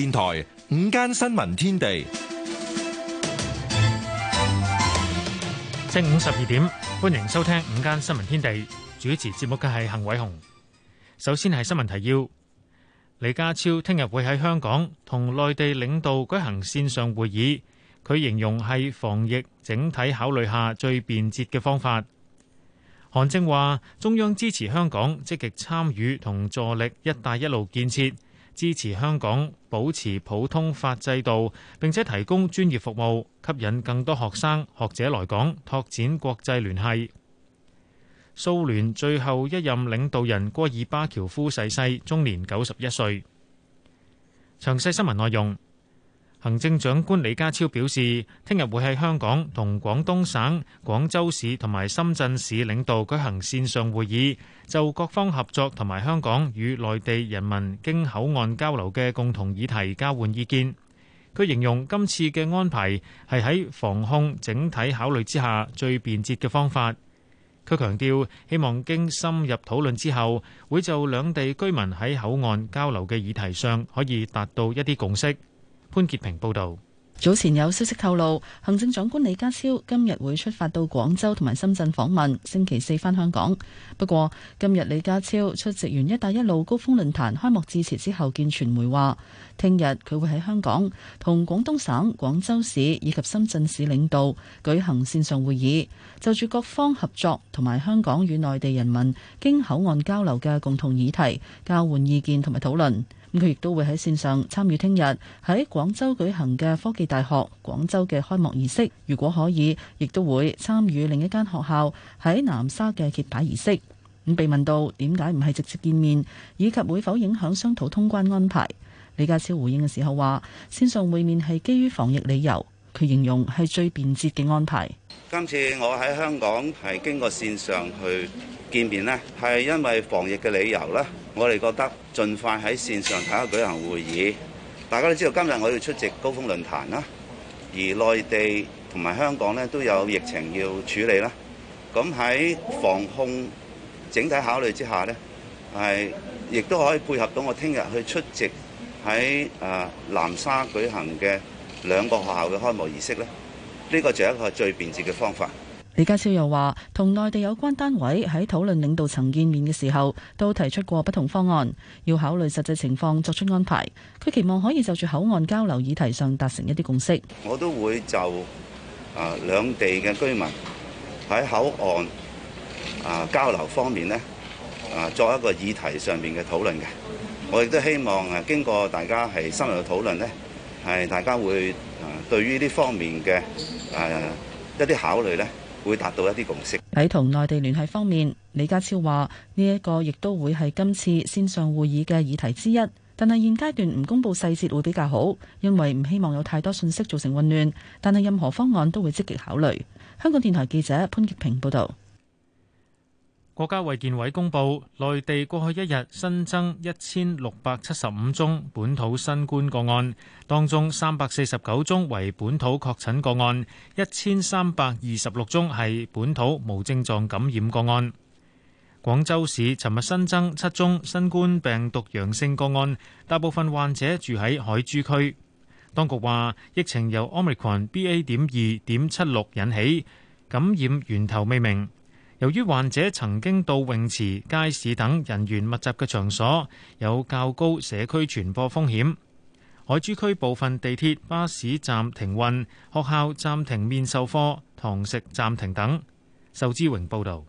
電台午間新聞天地，正午十二點，歡迎收聽午間新聞天地。主持節目嘅係幸偉雄。首先係新聞提要。李家超聽日會喺香港同內地領導舉行綫上會議，佢形容係防疫整體考慮下最便捷嘅方法。韓正話，中央支持香港積極參與同助力“一帶一路”建設。支持香港保持普通法制度，並且提供專業服務吸引更多學生、學者來港，拓展國際聯繫。蘇聯最後一任領導人戈爾巴喬夫逝世，終年九十一歲。詳細新聞內容。行政長官李家超表示，聽日會喺香港同廣東省、廣州市同埋深圳市領導舉行線上會議，就各方合作同埋香港與內地人民經口岸交流嘅共同議題交換意見。佢形容今次嘅安排係喺防控整體考慮之下最便捷嘅方法。佢強調，希望經深入討論之後，會就兩地居民喺口岸交流嘅議題上可以達到一啲共識。潘潔平報道，早前有消息透露，行政長官李家超今日會出發到廣州同埋深圳訪問，星期四返香港。不過今日李家超出席完“一帶一路”高峰論壇開幕致辭之後，見傳媒話，聽日佢會喺香港同廣東省、廣州市以及深圳市領導舉行線上會議，就住各方合作同埋香港與內地人民經口岸交流嘅共同議題交換意見同埋討論。咁佢亦都會喺線上參與聽日喺廣州舉行嘅科技大學廣州嘅開幕儀式，如果可以，亦都會參與另一間學校喺南沙嘅揭牌儀式。咁被問到點解唔係直接見面，以及會否影響商討通關安排，李家超回應嘅時候話：線上會面係基於防疫理由。佢形容係最便捷嘅安排。今次我喺香港係經過線上去見面呢，係因為防疫嘅理由啦。我哋覺得盡快喺線上睇下舉行會議。大家都知道今日我要出席高峰論壇啦，而內地同埋香港呢都有疫情要處理啦。咁喺防控整體考慮之下呢，係亦都可以配合到我聽日去出席喺誒南沙舉行嘅。兩個學校嘅開幕儀式呢，呢、呢個就係一個最便捷嘅方法。李家超又話，同內地有關單位喺討論領導層見面嘅時候，都提出過不同方案，要考慮實際情況作出安排。佢期望可以就住口岸交流議題上達成一啲共識。我都會就啊兩地嘅居民喺口岸啊交流方面呢，啊作一個議題上面嘅討論嘅。我亦都希望啊經過大家係深入嘅討論咧。啊係，大家會誒對於呢方面嘅誒、呃、一啲考慮咧，會達到一啲共識。喺同內地聯繫方面，李家超話：呢、這、一個亦都會係今次線上會議嘅議題之一，但係現階段唔公佈細節會比較好，因為唔希望有太多信息造成混亂。但係任何方案都會積極考慮。香港電台記者潘潔平報道。國家衛健委公布，內地過去一日新增一千六百七十五宗本土新冠個案，當中三百四十九宗為本土確診個案，一千三百二十六宗係本土無症狀感染個案。廣州市尋日新增七宗新冠病毒陽性個案，大部分患者住喺海珠區。當局話，疫情由 Omicron BA 點二點七六引起，感染源頭未明。由於患者曾經到泳池、街市等人員密集嘅場所，有較高社區傳播風險。海珠區部分地鐵、巴士站停運，學校暫停面授課，堂食暫停等。仇之榮報道。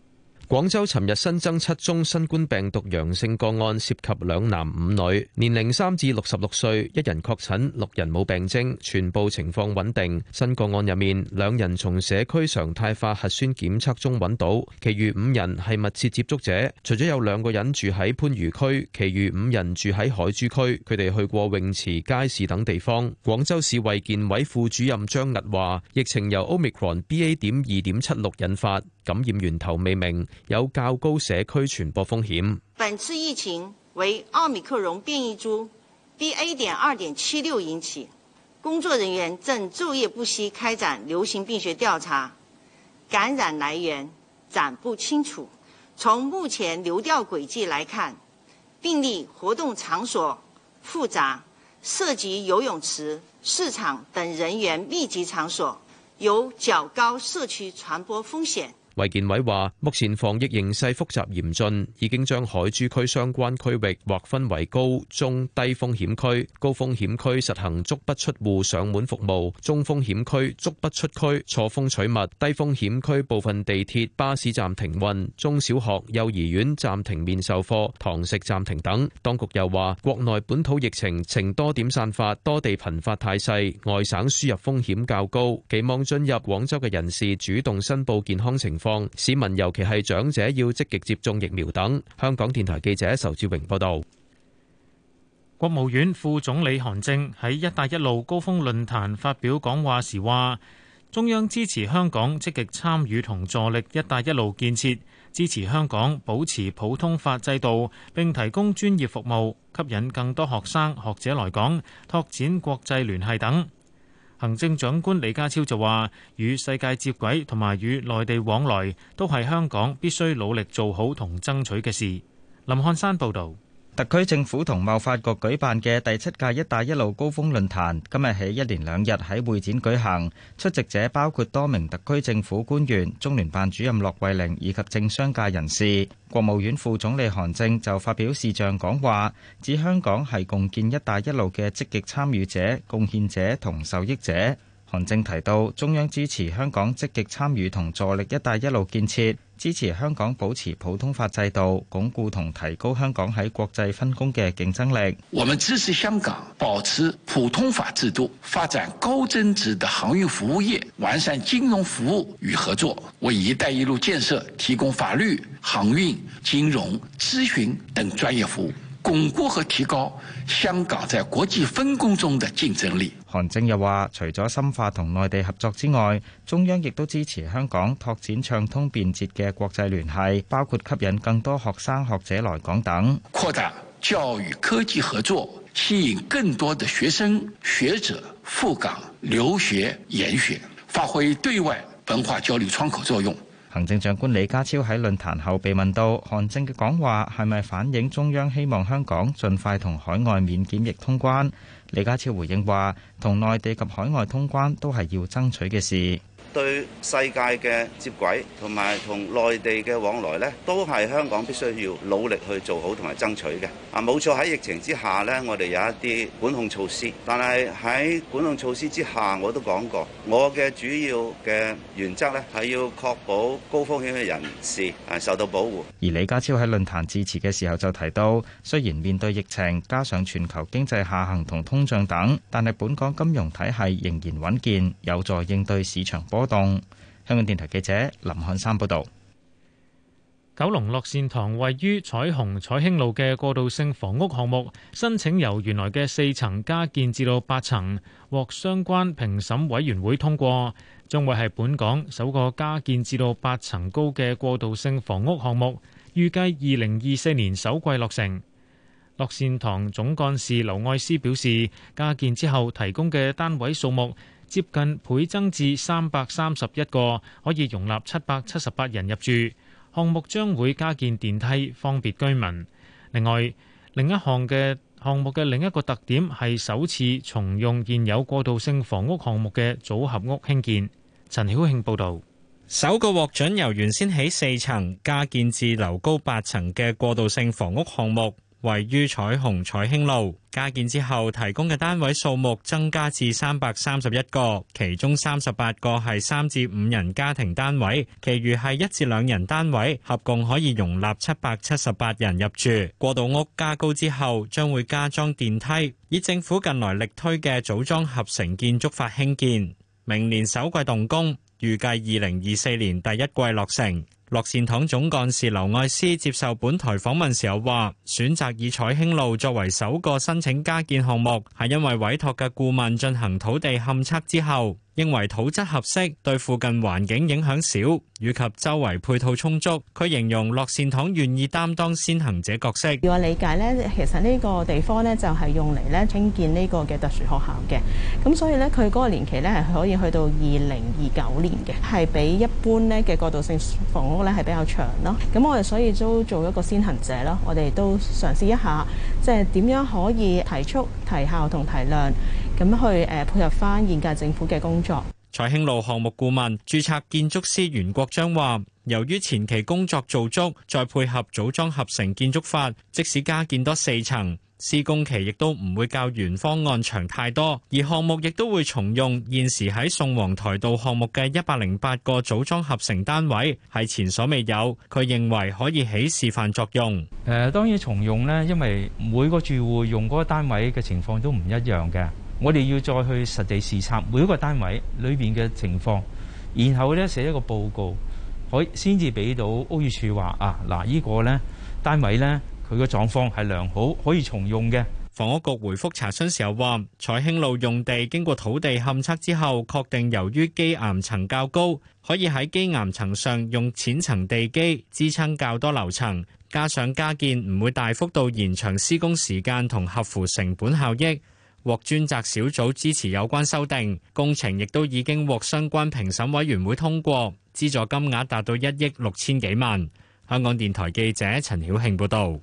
廣州尋日新增七宗新冠病毒陽性個案，涉及兩男五女，年齡三至六十六歲，一人確診，六人冇病徵，全部情況穩定。新個案入面，兩人從社區常態化核酸檢測中揾到，其餘五人係密切接觸者。除咗有兩個人住喺番禺區，其餘五人住喺海珠區，佢哋去過泳池、街市等地方。廣州市衛健委副主任張屹話，疫情由 Omicron BA 點二點七六引發。感染源頭未明，有較高社區傳播風險。本次疫情為奧密克戎變異株 BA 點二點七六引起，工作人員正晝夜不息開展流行病學調查，感染來源暫不清楚。從目前流調軌跡來看，病例活動場所複雜，涉及游泳池、市場等人員密集場所，有較高社區傳播風險。衛健委話，目前防疫形勢複雜嚴峻，已經將海珠區相關區域劃分為高中低風險區。高風險區實行足不出戶上門服務，中風險區足不出區錯峰取物，低風險區部分地鐵、巴士站停運，中小學、幼兒園暫停面授課、堂食暫停等。當局又話，國內本土疫情呈多點散發、多地頻發態勢，外省輸入風險較高，期望進入廣州嘅人士主動申報健康情況。況，市民，尤其係長者，要積極接種疫苗等。香港電台記者仇志榮報道，國務院副總理韓正喺一帶一路高峰論壇發表講話時話：中央支持香港積極參與同助力一帶一路建設，支持香港保持普通法制度，並提供專業服務，吸引更多學生、學者來港，拓展國際聯繫等。行政長官李家超就話：與世界接軌同埋與內地往來，都係香港必須努力做好同爭取嘅事。林漢山報導。特區政府同貿發局舉辦嘅第七屆一帶一路高峰論壇今日起一連兩日喺會展舉行，出席者包括多名特區政府官員、中聯辦主任駱惠寧以及政商界人士。國務院副總理韓正就發表視像講話，指香港係共建一帶一路嘅積極參與者、貢獻者同受益者。韓正提到，中央支持香港積極參與同助力“一帶一路”建設，支持香港保持普通法制度，鞏固同提高香港喺國際分工嘅競爭力。我們支持香港保持普通法制度，發展高增值的航運服務業，完善金融服務與合作，為“一帶一路”建設提供法律、航運、金融、諮詢等專業服務。鞏固和提高香港在國際分工中的競爭力。韓正又話，除咗深化同內地合作之外，中央亦都支持香港拓展暢通便捷嘅國際聯繫，包括吸引更多學生學者來港等。擴大教育科技合作，吸引更多的學生學者赴港留學研學，發揮對外文化交流窗口作用。行政長官李家超喺論壇後被問到，韓正嘅講話係咪反映中央希望香港盡快同海外免檢疫通關？李家超回應話：同內地及海外通關都係要爭取嘅事。對世界嘅接軌同埋同內地嘅往來呢，都係香港必須要努力去做好同埋爭取嘅。啊，冇錯喺疫情之下呢，我哋有一啲管控措施，但係喺管控措施之下，我都講過，我嘅主要嘅原則呢係要確保高風險嘅人士係受到保護。而李家超喺論壇致辭嘅時候就提到，雖然面對疫情加上全球經濟下行同通脹等，但係本港金融體係仍然穩健，有助應對市場波。波動。香港電台記者林漢山報道，九龍樂善堂位於彩虹彩興路嘅過渡性房屋項目，申請由原來嘅四層加建至到八層，獲相關評審委員會通過，將會係本港首個加建至到八層高嘅過渡性房屋項目。預計二零二四年首季落成。樂善堂總幹事劉愛思表示，加建之後提供嘅單位數目。接近倍增至三百三十一個，可以容納七百七十八人入住。項目將會加建電梯，方便居民。另外，另一項嘅項目嘅另一個特點係首次重用現有過渡性房屋項目嘅組合屋興建。陳曉慶報道，首個獲准由原先起四層加建至樓高八層嘅過渡性房屋項目。位於彩虹彩興路，加建之後提供嘅單位數目增加至三百三十一個，其中三十八個係三至五人家庭單位，其餘係一至兩人單位，合共可以容納七百七十八人入住。過渡屋加高之後，將會加裝電梯，以政府近來力推嘅組裝合成建築法興建，明年首季動工，預計二零二四年第一季落成。樂善堂總幹事劉愛思接受本台訪問時候話，選擇以彩興路作為首個申請加建項目，係因為委託嘅顧問進行土地勘測之後，認為土質合適，對附近環境影響少，以及周圍配套充足。佢形容樂善堂願意擔當先行者角色。以我理解咧，其實呢個地方咧就係用嚟咧興建呢個嘅特殊學校嘅，咁所以咧佢嗰個年期咧係可以去到二零二九年嘅，係比一般咧嘅過渡性房屋咧係比較長咯。咁我哋所以都做一個先行者咯，我哋都嘗試一下，即係點樣可以提速、提效同提量。咁去誒配合翻現屆政府嘅工作。彩興路項目顧問、註冊建築師袁國章話，由於前期工作做足，再配合組裝合成建築法，即使加建多四層，施工期亦都唔會較原方案長太多。而項目亦都會重用現時喺宋皇台道項目嘅一百零八個組裝合成單位，係前所未有。佢認為可以起示範作用。誒、呃，當然重用呢，因為每個住戶用嗰個單位嘅情況都唔一樣嘅。我哋要再去實地視察每一個單位裏邊嘅情況，然後咧寫一個報告，可先至俾到屋宇署話啊，嗱依個咧單位咧佢個狀況係良好，可以重用嘅。房屋局回覆查詢時候話，彩興路用地經過土地勘測之後，確定由於基岩層較高，可以喺基岩層上用淺層地基支撐較多樓層，加上加建唔會大幅度延長施工時間同合乎成本效益。獲專責小組支持有關修訂，工程，亦都已經獲相關評審委員會通過，資助金額達到一億六千幾萬。香港電台記者陳曉慶報道：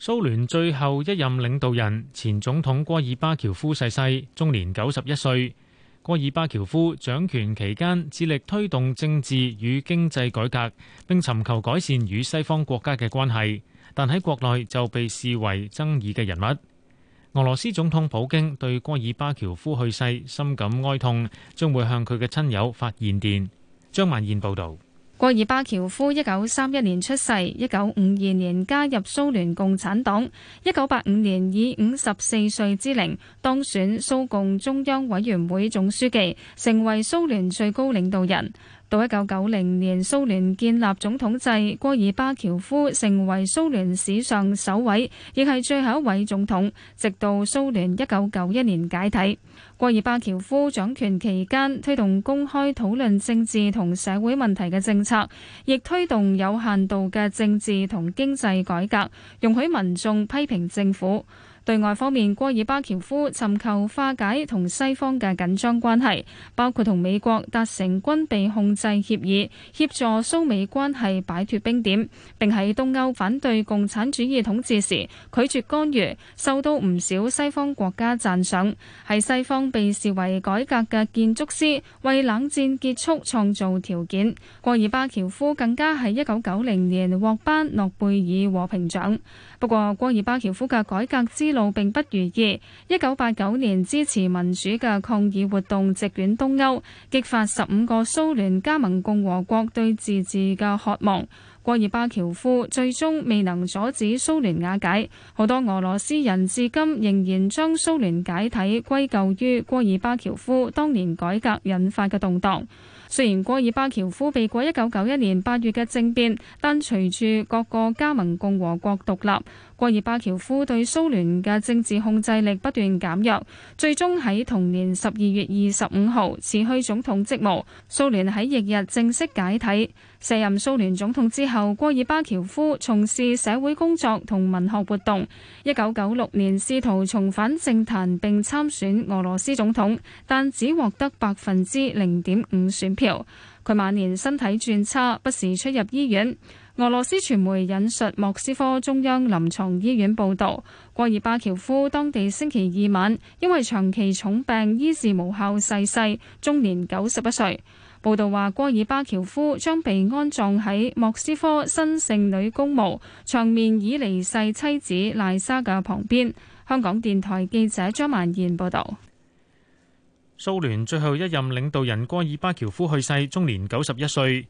蘇聯最後一任領導人、前總統戈爾巴喬夫逝世，終年九十一歲。戈爾巴喬夫掌權期間，致力推動政治與經濟改革，並尋求改善與西方國家嘅關係，但喺國內就被視為爭議嘅人物。俄羅斯總統普京對戈爾巴喬夫去世深感哀痛，將會向佢嘅親友發唁電。張萬燕報道：戈爾巴喬夫一九三一年出世，一九五二年加入蘇聯共產黨，一九八五年以五十四歲之齡當選蘇共中央委員會總書記，成為蘇聯最高領導人。到一九九零年，蘇聯建立總統制，戈爾巴喬夫成為蘇聯史上首位，亦係最後一位總統。直到蘇聯一九九一年解體，戈爾巴喬夫掌權期間推動公開討論政治同社會問題嘅政策，亦推動有限度嘅政治同經濟改革，容許民眾批評政府。對外方面，戈爾巴喬夫尋求化解同西方嘅緊張關係，包括同美國達成軍備控制協議，協助蘇美關係擺脫冰點，並喺東歐反對共產主義統治時拒絕干預，受到唔少西方國家讚賞，喺西方被視為改革嘅建築師，為冷戰結束創造條件。戈爾巴喬夫更加喺一九九零年獲頒諾貝爾和平獎。不過，戈爾巴喬夫嘅改革之路並不如意。一九八九年支持民主嘅抗議活動席捲東歐，激發十五個蘇聯加盟共和國對自治嘅渴望。戈爾巴喬夫最終未能阻止蘇聯瓦解，好多俄羅斯人至今仍然將蘇聯解體歸咎於戈爾巴喬夫當年改革引發嘅動盪。雖然戈爾巴喬夫避過一九九一年八月嘅政變，但隨住各個加盟共和國獨立，戈爾巴喬夫對蘇聯嘅政治控制力不斷減弱，最終喺同年十二月二十五號辭去總統職務。蘇聯喺翌日，日正式解體。卸任蘇聯總統之後，戈爾巴喬夫從事社會工作同文學活動。一九九六年試圖重返政壇並參選俄羅斯總統，但只獲得百分之零點五選票。佢晚年身體轉差，不時出入醫院。俄羅斯傳媒引述莫斯科中央臨床醫院報導，戈爾巴喬夫當地星期二晚因為長期重病醫治無效逝世，世，終年九十一歲。報道話，戈爾巴喬夫將被安葬喺莫斯科新聖女公墓，長眠已離世妻子賴莎嘅旁邊。香港電台記者張曼燕報道，蘇聯最後一任領導人戈爾巴喬夫去世，終年九十一歲。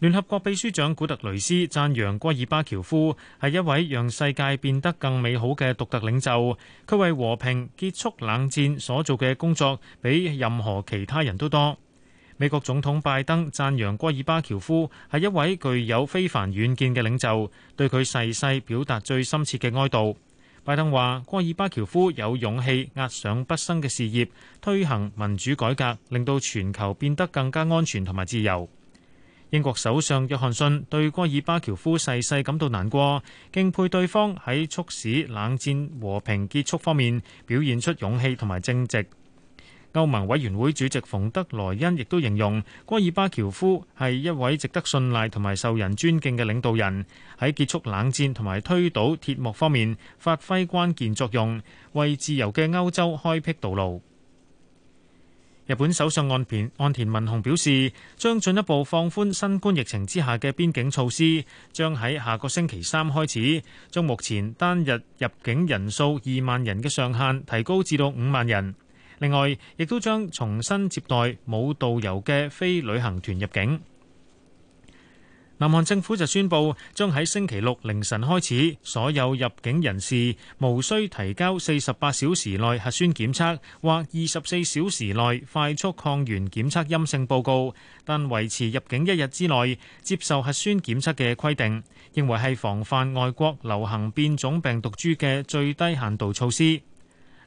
聯合國秘書長古特雷斯讚揚戈爾巴喬夫係一位讓世界變得更美好嘅獨特領袖，佢為和平結束冷戰所做嘅工作比任何其他人都多。美國總統拜登贊揚戈爾巴喬夫係一位具有非凡遠見嘅領袖，對佢逝世表達最深切嘅哀悼。拜登話：戈爾巴喬夫有勇氣押上畢生嘅事業，推行民主改革，令到全球變得更加安全同埋自由。英國首相約翰遜對戈爾巴喬夫逝世感到難過，敬佩對方喺促使冷戰和平結束方面表現出勇氣同埋正直。歐盟委員會主席馮德萊恩亦都形容戈爾巴喬夫係一位值得信賴同埋受人尊敬嘅領導人，喺結束冷戰同埋推倒鐵幕方面發揮關鍵作用，為自由嘅歐洲開闢道路。日本首相岸田文雄表示，將進一步放寬新冠疫情之下嘅邊境措施，將喺下個星期三開始，將目前單日入境人數二萬人嘅上限提高至到五萬人。另外，亦都將重新接待冇導遊嘅非旅行團入境。南韓政府就宣布，將喺星期六凌晨開始，所有入境人士無需提交四十八小時內核酸檢測或二十四小時內快速抗原檢測陰性報告，但維持入境一日之內接受核酸檢測嘅規定，認為係防範外國流行變種病毒株嘅最低限度措施。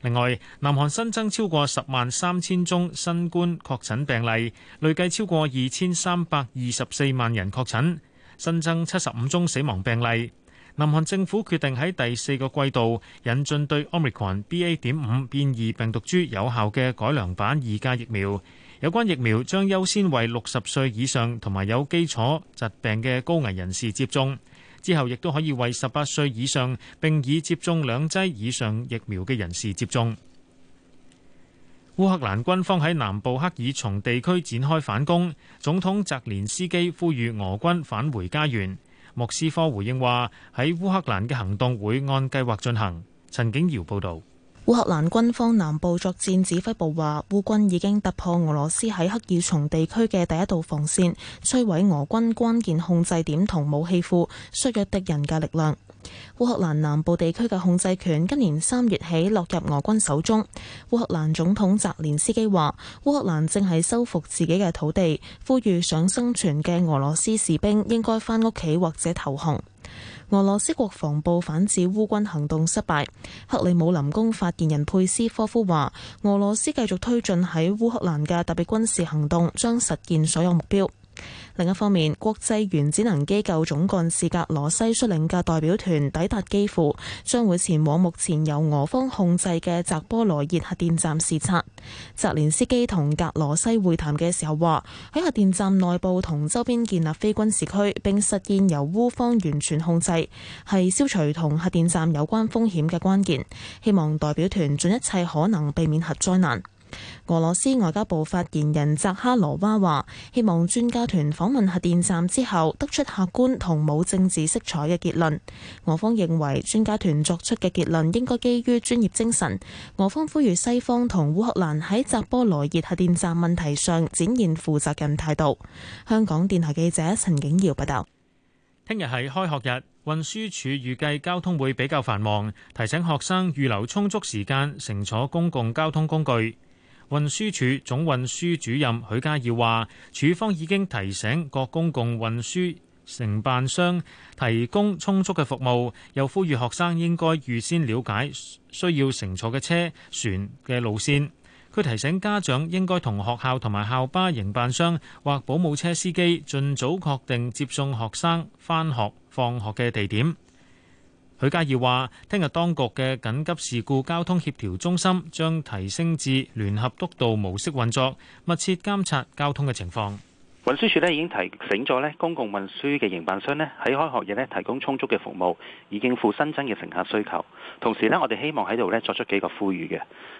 另外，南韓新增超過十萬三千宗新冠確診病例，累計超過二千三百二十四萬人確診，新增七十五宗死亡病例。南韓政府決定喺第四個季度引進對 Omicron BA. 點五變異病毒株有效嘅改良版二價疫苗，有關疫苗將優先為六十歲以上同埋有基礎疾病嘅高危人士接種。之後，亦都可以為十八歲以上並已接種兩劑以上疫苗嘅人士接種。烏克蘭軍方喺南部克爾松地區展開反攻，總統澤連斯基呼籲俄軍返回家園。莫斯科回應話：喺烏克蘭嘅行動會按計劃進行。陳景堯報道。烏克蘭軍方南部作戰指揮部話，烏軍已經突破俄羅斯喺克爾松地區嘅第一道防線，摧毀俄軍關鍵控制點同武器庫，削弱敵人嘅力量。烏克蘭南部地區嘅控制權今年三月起落入俄軍手中。烏克蘭總統澤連斯基話，烏克蘭正係收復自己嘅土地，呼籲想生存嘅俄羅斯士兵應該翻屋企或者投降。俄羅斯國防部反指烏軍行動失敗，克里姆林宮發言人佩斯科夫話，俄羅斯繼續推進喺烏克蘭嘅特別軍事行動，將實現所有目標。另一方面，國際原子能機構總幹事格羅西率領嘅代表團抵達基輔，將會前往目前由俄方控制嘅澤波羅熱核電站視察。澤連斯基同格羅西會談嘅時候話：喺核電站內部同周邊建立非軍事區，並實現由烏方完全控制，係消除同核電站有關風險嘅關鍵。希望代表團盡一切可能避免核災難。俄羅斯外交部發言人扎哈羅娃話，希望專家團訪問核電站之後，得出客觀同冇政治色彩嘅結論。俄方認為專家團作出嘅結論應該基於專業精神。俄方呼籲西方同烏克蘭喺扎波羅熱核電站問題上展現負責任態度。香港電台記者陳景堯報道。聽日係開學日，運輸署預計交通會比較繁忙，提醒學生預留充足時間乘坐公共交通工具。運輸署總運輸主任許家耀話，署方已經提醒各公共運輸承辦商提供充足嘅服務，又呼籲學生應該預先了解需要乘坐嘅車船嘅路線。佢提醒家長應該同學校同埋校巴營辦商或保姆車司機盡早確定接送學生返學、放學嘅地點。許家耀話：聽日當局嘅緊急事故交通協調中心將提升至聯合督導模式運作，密切監察交通嘅情況。運輸署呢已經提醒咗呢公共運輸嘅營辦商呢喺開學日呢提供充足嘅服務，以應付新增嘅乘客需求。同時呢，我哋希望喺度呢作出幾個呼籲嘅。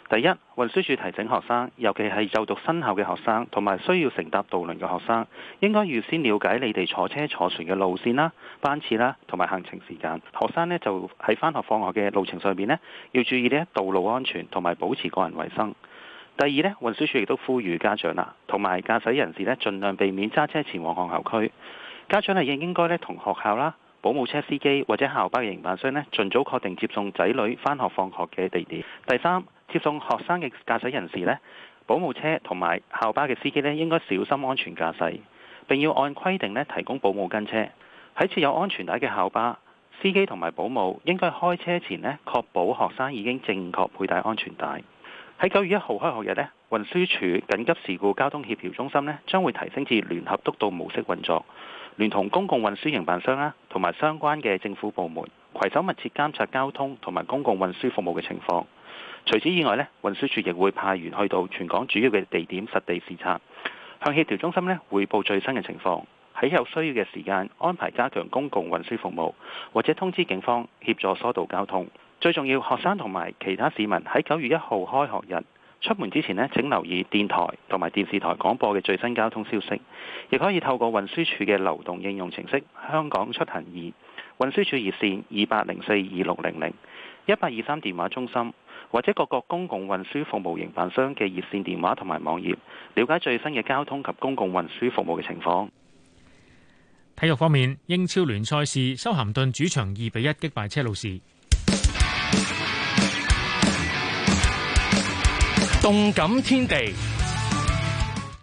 第一，運輸署提醒學生，尤其係就讀新校嘅學生同埋需要乘搭渡輪嘅學生，應該預先了解你哋坐車坐船嘅路線啦、班次啦同埋行程時間。學生呢就喺返學放學嘅路程上邊呢，要注意呢道路安全同埋保持個人衞生。第二咧，運輸署亦都呼籲家長啦，同埋駕駛人士咧，盡量避免揸車前往學校區。家長係應應該咧，同學校啦、保姆車司機或者校巴嘅營辦商咧，盡早確定接送仔女返學放學嘅地點。第三，接送學生嘅駕駛人士咧，保姆車同埋校巴嘅司機咧，應該小心安全駕駛，並要按規定咧提供保姆跟車。喺設有安全帶嘅校巴，司機同埋保姆應該開車前咧確保學生已經正確佩戴安全帶。喺九月一號開學日呢，運輸署緊急事故交通協調中心呢將會提升至聯合督導模式運作，聯同公共運輸營辦商啦，同埋相關嘅政府部門攜手密切監察交通同埋公共運輸服務嘅情況。除此以外呢，運輸署亦會派員去到全港主要嘅地點實地視察，向協調中心呢匯報最新嘅情況，喺有需要嘅時間安排加強公共運輸服務，或者通知警方協助疏導交通。最重要，學生同埋其他市民喺九月一號開學日出門之前呢，請留意電台同埋電視台廣播嘅最新交通消息，亦可以透過運輸署嘅流動應用程式《香港出行二》、運輸署熱線二八零四二六零零一八二三電話中心，或者各個公共運輸服務營辦商嘅熱線電話同埋網頁，了解最新嘅交通及公共運輸服務嘅情況。體育方面，英超聯賽事，修咸頓主場二比一擊敗車路士。動感天地，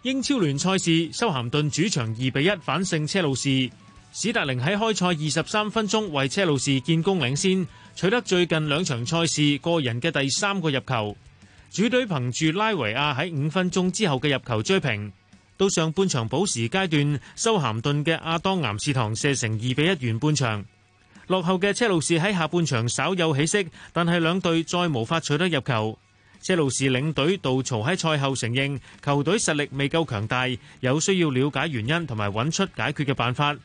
英超聯賽事，修咸頓主場二比一反勝車路士。史達寧喺開賽二十三分鐘為車路士建功領先，取得最近兩場賽事個人嘅第三個入球。主隊憑住拉維亞喺五分鐘之後嘅入球追平，到上半場補時階段，修咸頓嘅阿當岩士堂射成二比一完半場。落後嘅車路士喺下半場稍有起色，但係兩隊再無法取得入球。車路士領隊杜曹喺賽後承認球隊實力未夠強大，有需要了解原因同埋揾出解決嘅辦法。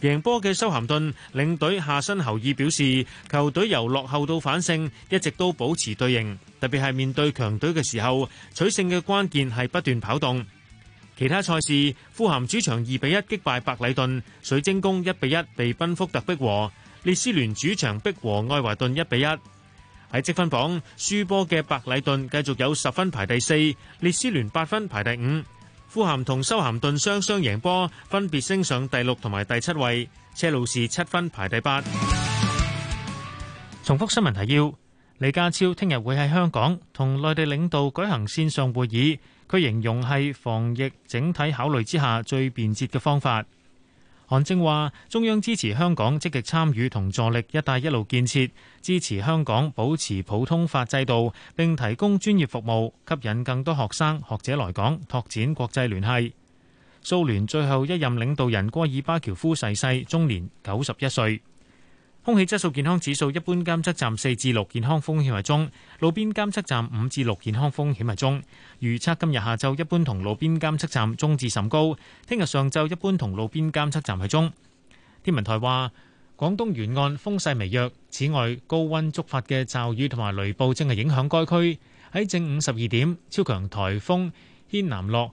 贏波嘅修咸頓領隊夏申侯爾表示球隊由落後到反勝，一直都保持隊形，特別係面對強隊嘅時候，取勝嘅關鍵係不斷跑動。其他賽事，富咸主場二比一擊敗白禮頓，水晶宮一比一被賓福特逼和。列斯聯主場逼和愛華頓一比一。喺積分榜，輸波嘅白禮頓繼續有十分排第四，列斯聯八分排第五。富咸同修咸頓雙雙贏波，分別升上第六同埋第七位。車路士七分排第八。重複新聞提要：李家超聽日會喺香港同內地領導舉行線上會議，佢形容係防疫整體考慮之下最便捷嘅方法。韓正話：中央支持香港積極參與同助力“一帶一路”建設，支持香港保持普通法制度，並提供專業服務，吸引更多學生學者來港，拓展國際聯繫。蘇聯最後一任領導人戈爾巴喬夫逝世，終年九十一歲。空氣質素健康指數一般監測站四至六，健康風險係中；路邊監測站五至六，健康風險係中。預測今日下晝一般同路邊監測站中至甚高，聽日上晝一般同路邊監測站係中。天文台話，廣東沿岸風勢微弱，此外高温觸發嘅驟雨同埋雷暴正係影響該區。喺正午十二點，超強台風軒嵐諾。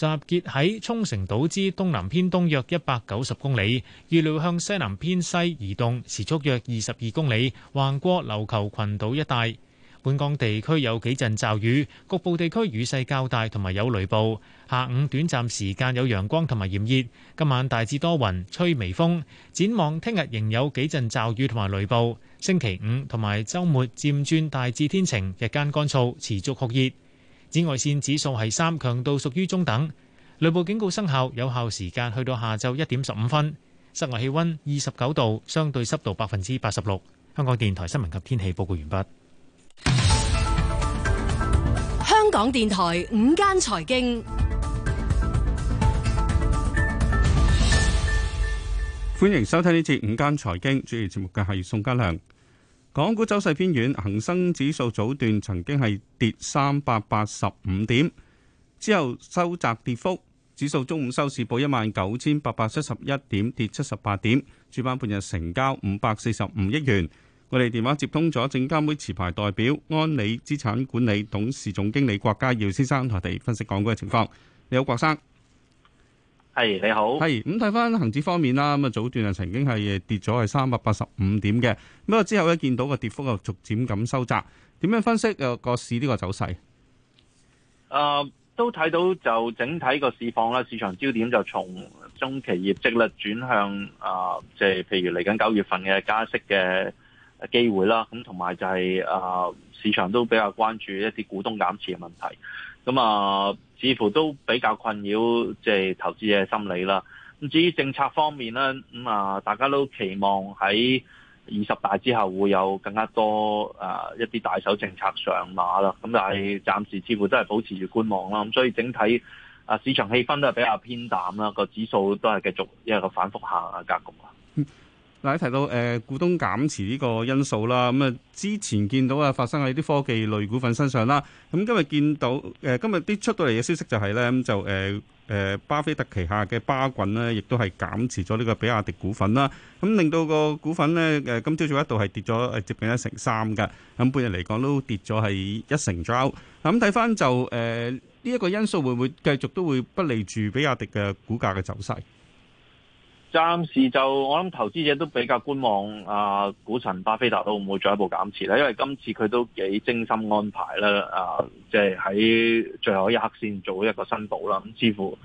集結喺沖繩島之東南偏東約一百九十公里，預料向西南偏西移動，時速約二十二公里，橫過琉球群島一帶。本港地區有幾陣驟雨，局部地區雨勢較大，同埋有雷暴。下午短暫時間有陽光同埋炎熱，今晚大致多雲，吹微風。展望聽日仍有幾陣驟雨同埋雷暴，星期五同埋周末漸轉大致天晴，日間乾燥，持續酷熱。紫外線指數係三，強度屬於中等，雷暴警告生效，有效時間去到下晝一點十五分。室外氣溫二十九度，相對濕度百分之八十六。香港電台新聞及天氣報告完畢。香港電台午間財經，歡迎收聽呢節午間財經主要節目嘅係宋家良。港股走勢偏軟，恒生指數早段曾經係跌三百八十五點，之後收窄跌幅，指數中午收市報一萬九千八百七十一點，跌七十八點，主板半日成交五百四十五億元。我哋電話接通咗證監會持牌代表安理資產管理董事總經理郭家耀先生，同我哋分析港股嘅情況。你好，郭生。係，你好，係咁睇翻恒指方面啦，咁啊早段啊曾經係跌咗係三百八十五點嘅，不過之後咧見到個跌幅啊逐漸咁收窄，點樣分析個個市呢個走勢？誒、啊，都睇到就整體個市況啦，市場焦點就從中期業績率轉向誒，即、啊、係譬如嚟緊九月份嘅加息嘅機會啦，咁同埋就係、是、誒、啊，市場都比較關注一啲股東減持嘅問題，咁啊。似乎都比較困擾，即係投資者嘅心理啦。咁至於政策方面呢，咁、嗯、啊，大家都期望喺二十大之後會有更加多啊一啲大手政策上馬啦。咁但係暫時似乎都係保持住觀望啦。咁所以整體啊市場氣氛都係比較偏淡啦。個指數都係繼續一個反覆下行嘅格局啊。嗱，你提到誒股東減持呢個因素啦，咁啊之前見到啊發生喺啲科技類股份身上啦，咁今日見到誒今日啲出到嚟嘅消息就係咧，咁就誒誒巴菲特旗下嘅巴郡呢，亦都係減持咗呢個比亞迪股份啦，咁令到個股份呢，誒今朝早一度係跌咗接近一成三㗎，咁半日嚟講都跌咗係一成左右。咁睇翻就誒呢一個因素會唔會繼續都會不利住比亞迪嘅股價嘅走勢？暫時就我諗，投資者都比較觀望啊，股神巴菲特都會唔會再一步減持咧？因為今次佢都幾精心安排啦，啊，即係喺最後一刻先做一個申報啦。咁似乎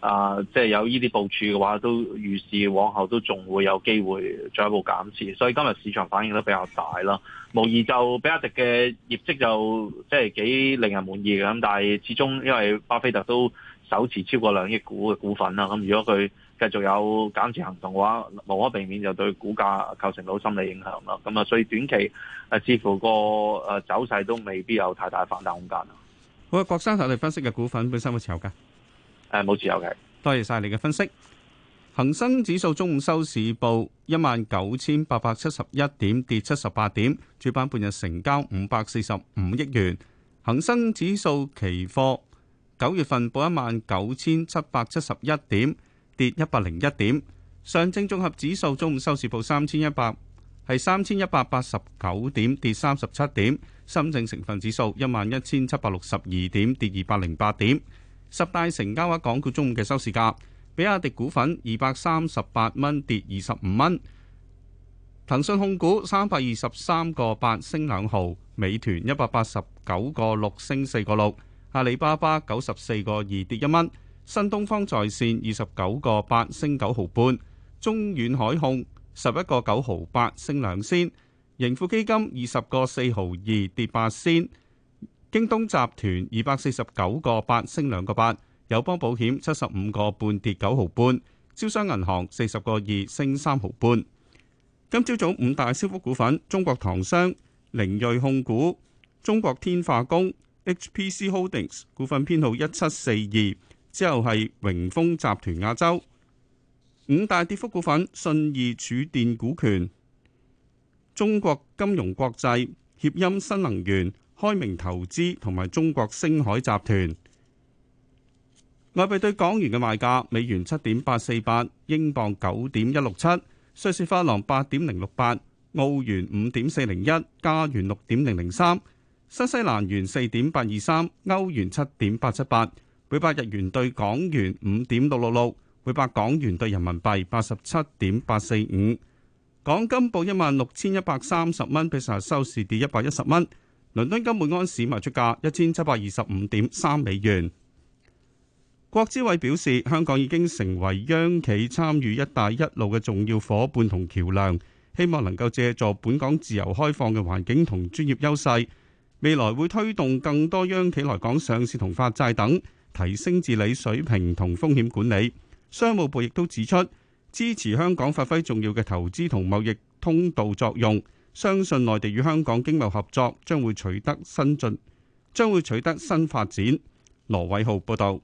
啊，即係有呢啲部署嘅話，都預示往後都仲會有機會再一步減持。所以今日市場反應都比較大啦。無疑就比亞迪嘅業績就即係幾令人滿意嘅。咁但係始終因為巴菲特都手持超過兩億股嘅股份啦。咁如果佢繼續有減持行動嘅話，無可避免就對股價構成到心理影響啦。咁啊，所以短期誒，似乎個誒走勢都未必有太大反彈空間啦。好，郭生，頭先分析嘅股份本身有冇持有噶？誒，冇持有嘅。多謝晒你嘅分析。恒生指數中午收市報一萬九千八百七十一點，跌七十八點。主板半日成交五百四十五億元。恒生指數期貨九月份報一萬九千七百七十一點。跌一百零一點，上證綜合指數中午收市報三千一百，係三千一百八十九點，跌三十七點。深證成分指數一萬一千七百六十二點，跌二百零八點。十大成交股港股中午嘅收市價，比亞迪股份二百三十八蚊跌二十五蚊，騰訊控股三百二十三個八升兩毫，美團一百八十九個六升四個六，阿里巴巴九十四個二跌一蚊，invece 新東方在線二十九個八升九毫半，中遠海控十一個九毫八升兩仙，盈富基金二十個四毫二跌八仙，京東集團二百四十九個八升兩個八，友邦保險七十五個半跌九毫半，招商銀行四十個二升三毫半。今朝早五大升幅股份：中國唐商、凌銳控股、中國天化工 HPC Holdings 股份，編號一七四二。梅 ra 之後係榮豐集團亞洲，五大跌幅股份：信義儲電股權、中國金融國際、協鑫新能源、開明投資同埋中國星海集團。外幣對港元嘅賣價：美元七點八四八，英鎊九點一六七，瑞士法郎八點零六八，澳元五點四零一，加元六點零零三，新西蘭元四點八二三，歐元七點八七八。每百日元兌港元五點六六六，每百港元兌人民幣八十七點八四五。港金報一萬六千一百三十蚊，比上日收市跌一百一十蚊。倫敦金每安士賣出價一千七百二十五點三美元。郭志偉表示，香港已經成為央企參與一帶一路嘅重要伙伴同橋梁，希望能夠借助本港自由開放嘅環境同專業優勢，未來會推動更多央企來港上市同發債等。提升治理水平同風險管理，商務部亦都指出，支持香港發揮重要嘅投資同貿易通道作用，相信內地與香港經貿合作將會取得新進，將會取得新發展。羅偉浩報道。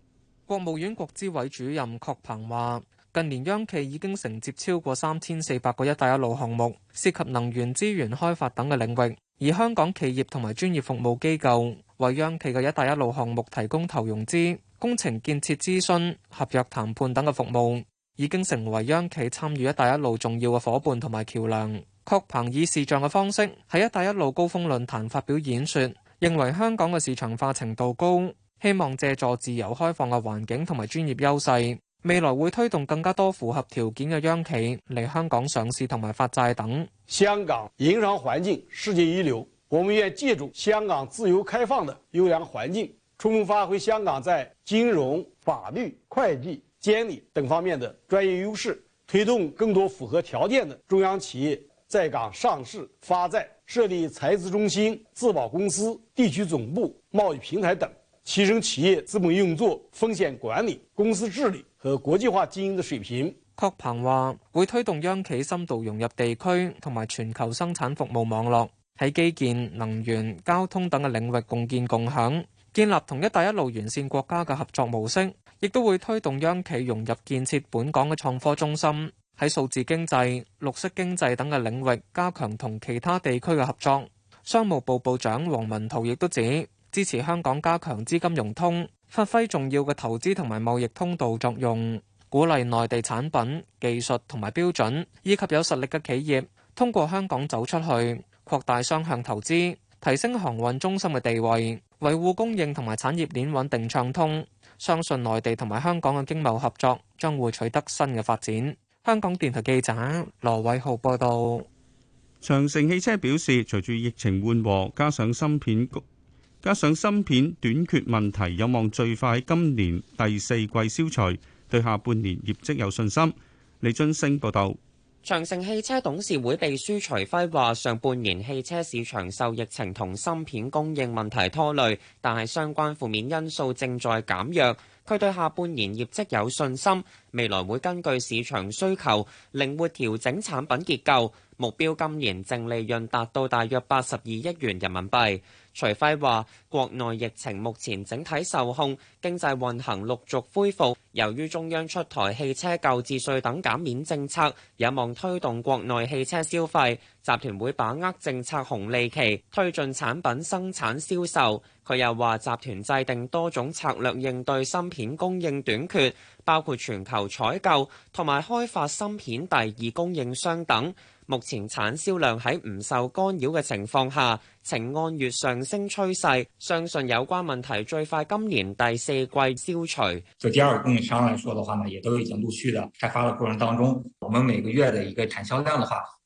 國務院國資委主任郝鵬話：近年央企已經承接超過三千四百個「一帶一路」項目，涉及能源資源開發等嘅領域。而香港企業同埋專業服務機構為央企嘅「一帶一路」項目提供投融資、工程建設諮詢、合約談判等嘅服務，已經成為央企參與「一帶一路」重要嘅伙伴同埋橋樑。郝鵬以視像嘅方式喺「一帶一路」高峰論壇發表演說，認為香港嘅市場化程度高，希望借助自由開放嘅環境同埋專業優勢未來會推動更加多符合條件嘅央企嚟香港上市同埋發債等。香港營商環境世界一流，我們願借助香港自由開放的優良環境，充分發揮香港在金融、法律、會計、監理等方面的專業優勢，推動更多符合條件的中央企業在港上市發債、設立財資中心、自保公司、地區總部、貿易平台等。提升企業資本運作、風險管理、公司治理和國際化經營的水平。確鵬話：會推動央企深度融入地區同埋全球生產服務網絡，喺基建、能源、交通等嘅領域共建共享，建立同一帶一路沿線國家嘅合作模式。亦都會推動央企融入建設本港嘅創科中心，喺數字經濟、綠色經濟等嘅領域加強同其他地區嘅合作。商務部部，部長王文濤亦都指。支持香港加強資金融通，發揮重要嘅投資同埋貿易通道作用，鼓勵內地產品、技術同埋標準，以及有實力嘅企業通過香港走出去，擴大雙向投資，提升航運中心嘅地位，維護供應同埋產業鏈穩定暢通。相信內地同埋香港嘅經貿合作將會取得新嘅發展。香港電台記者羅偉浩報道。長城汽車表示，隨住疫情緩和，加上芯片局。加上芯片短缺問題有望最快今年第四季消除，對下半年業績有信心。李俊升報道。長城汽車董事會秘書徐輝話上半年汽車市場受疫情同芯片供應問題拖累，但係相關負面因素正在減弱。佢對下半年業績有信心，未來會根據市場需求靈活調整產品結構，目標今年淨利潤達到大約八十二億元人民幣。徐輝話：國內疫情目前整體受控，經濟運行陸續恢復。由於中央出台汽車購置稅等減免政策，有望推動國內汽車消費。集團會把握政策紅利期，推進產品生產銷售。佢又話：集團制定多種策略應對芯片供應短缺，包括全球採購同埋開發芯片第二供應商等。目前產銷量喺唔受干擾嘅情況下，呈按月上升趨勢，相信有關問題最快今年第四季消除。就第二個供應商來說的話呢，也都已經陸續嘅開發嘅過程當中，我們每個月嘅一個產銷量嘅話。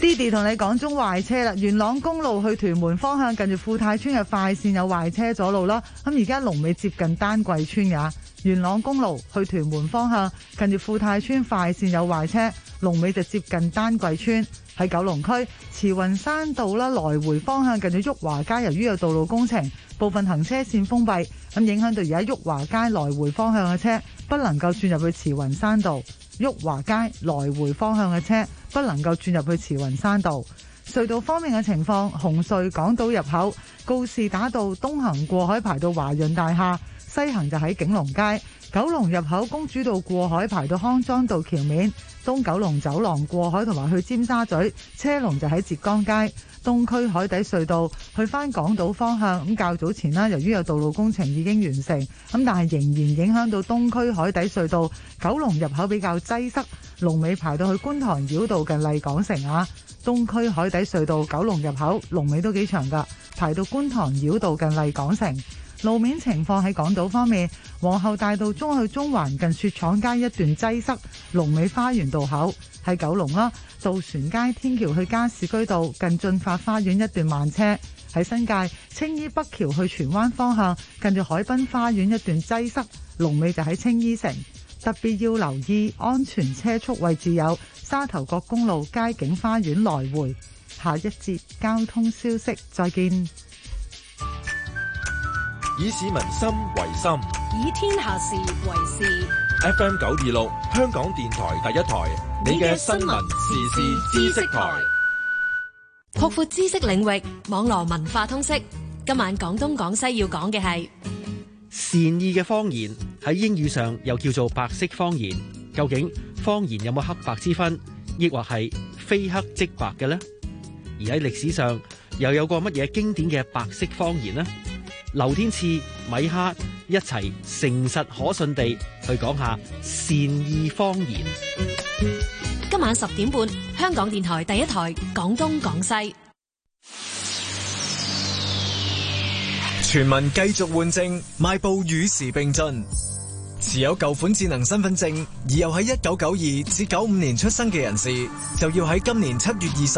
Didi 同你講中壞車啦，元朗公路去屯門方向近住富泰村嘅快線有壞車阻路啦。咁而家龍尾接近丹桂村㗎。元朗公路去屯門方向近住富泰村快線有壞車，龍尾就接近丹桂村。喺九龍區慈雲山道啦來回方向近住毓華街，由於有道路工程，部分行車線封閉，咁影響到而家毓華街來回方向嘅車不能夠轉入去慈雲山道，毓華街來回方向嘅車不能夠轉入去慈雲山道。隧道方面嘅情況，紅隧港島入口告士打道東行過海排到華潤大廈，西行就喺景隆街；九龍入口公主道過海排到康莊道橋面。東九龍走廊過海同埋去尖沙咀車龍就喺浙江街。東區海底隧道去翻港島方向，咁較早前咧，由於有道路工程已經完成咁，但係仍然影響到東區海底隧道九龍入口比較擠塞，龍尾排到去觀塘繞道近麗港城啊！東區海底隧道九龍入口龍尾都幾長噶，排到觀塘繞道近麗港城。路面情況喺港島方面，皇后大道中去中環近雪廠街一段擠塞，龍尾花園道口喺九龍啦；渡船街天橋去加士居道近進發花園一段慢車喺新界，青衣北橋去荃灣方向近住海濱花園一段擠塞，龍尾就喺青衣城。特別要留意安全車速位置有沙頭角公路佳景花園來回。下一節交通消息，再見。以市民心為心，以天下事為事。FM 九二六，香港電台第一台，你嘅新聞、時事、知識台，擴闊知識領域，網絡文化通識。今晚講東講西要講嘅係善意嘅謊言，喺英語上又叫做白色謊言。究竟謊言有冇黑白之分，亦或係非黑即白嘅呢？而喺歷史上，又有過乜嘢經典嘅白色謊言呢？劉天賜、米哈一齊誠實可信地去講下善意謊言。今晚十點半，香港電台第一台廣東廣西。全民繼續換證，邁步與時並進。持有舊款智能身份證而又喺一九九二至九五年出生嘅人士，就要喺今年七月二十。